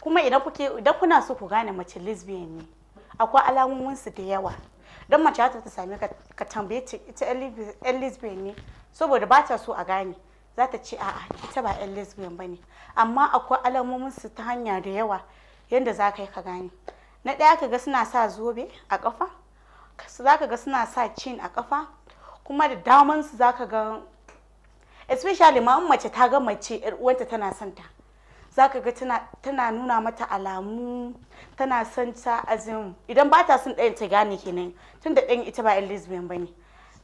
kuma idan kuke idan kuna so ku gane mace lesbian ne akwai alamomin su da yawa don mace ta same ka ka tambaye ta ita yan lesbian ne saboda ba ta so a gane za ta ce a'a ita ba yan lesbian bane amma akwai alamomin su ta hanya da yawa yanda za ka ka gane na ɗaya ka ga suna sa zobe a ƙafa za ka ga suna sa cin a ƙafa kuma da damansu za ka ga especially ma mace ta ga mace uwanta tana son ta za ka ga tana nuna mata alamu tana son ta azin idan ba ta son ɗayan ta gane kenan tun da ɗayan ita ba yan lesbian ba ne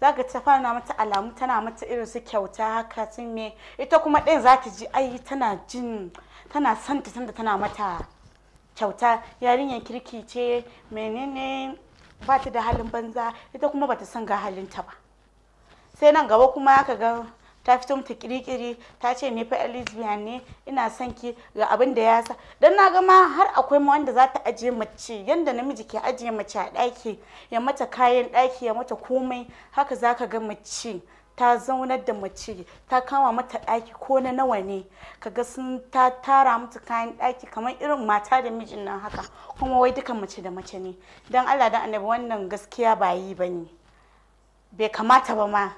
za ka ta fara mata alamu tana mata irin su kyauta haka sun me ita kuma ɗan za ta ji ai tana jin tana son ta tunda tana mata kyauta yarinyar kirki ce menene ba ta da halin banza ita kuma ba ta son ga halinta ba sai nan gaba kuma ka ga ta fito mata kirikiri ta ce ni fa lesbian ne ina son ki ga abin da ya sa dan na ga ma har akwai ma wanda za ta ajiye mace yanda namiji ke ajiye mace a ɗaki ya mata kayan ɗaki ya mata komai haka zaka ga mace ta zaunar da mace ta kama mata ɗaki ko na nawa ne kaga sun ta tara mata kayan ɗaki kamar irin mata da mijin nan haka kuma wai dukan mace da mace ne dan allah da annabi wannan gaskiya ba yi ba bai kamata ba ma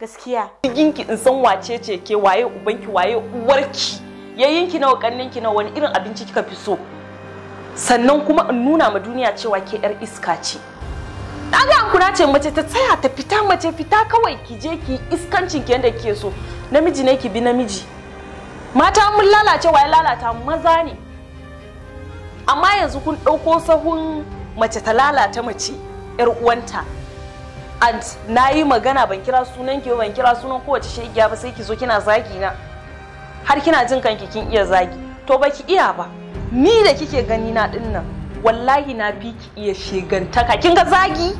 gaskiya yinki in san wace ce ke waye ubanki waye uwarki ya yinki nawa kanninki nawa wani irin abinci kika fi so sannan kuma in nuna ma duniya cewa ke yar iska ce daga an kuna ce mace ta tsaya ta fita mace fita kawai ki je ki iskancin ki yanda kike so namiji ne ki bi namiji mata mun lalace waye lalata maza ne amma yanzu kun ɗauko sahun mace ta lalata mace 'yar uwanta aunt na yi magana ban kira sunan ki ban kira sunan kowace shegiya ba sai ki zo kina zagi na har kina jin kanki kin iya zagi to baki iya ba ni da kike gani na din wallahi na fi ki iya shegantaka kin ga zagi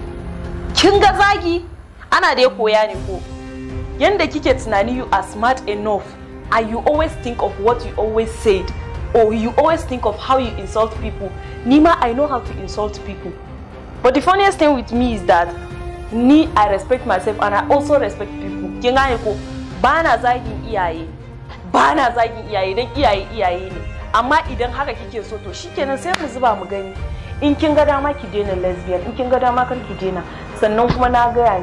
kin zagi ana da ya koya ne ko yanda kike tunani you are smart enough and you always think of what you always said or you always think of how you insult people nima i know how to insult people but the funniest thing with me is that ni i respect myself and i also respect people kin gane ko ba na zagin iyaye ba na zagin iyaye don iyaye iyaye ne amma idan haka kike so to shikenan sai mu zuba mu gani in kin ga dama ki daina lesbian in kin ga dama kar ki daina sannan kuma na gaya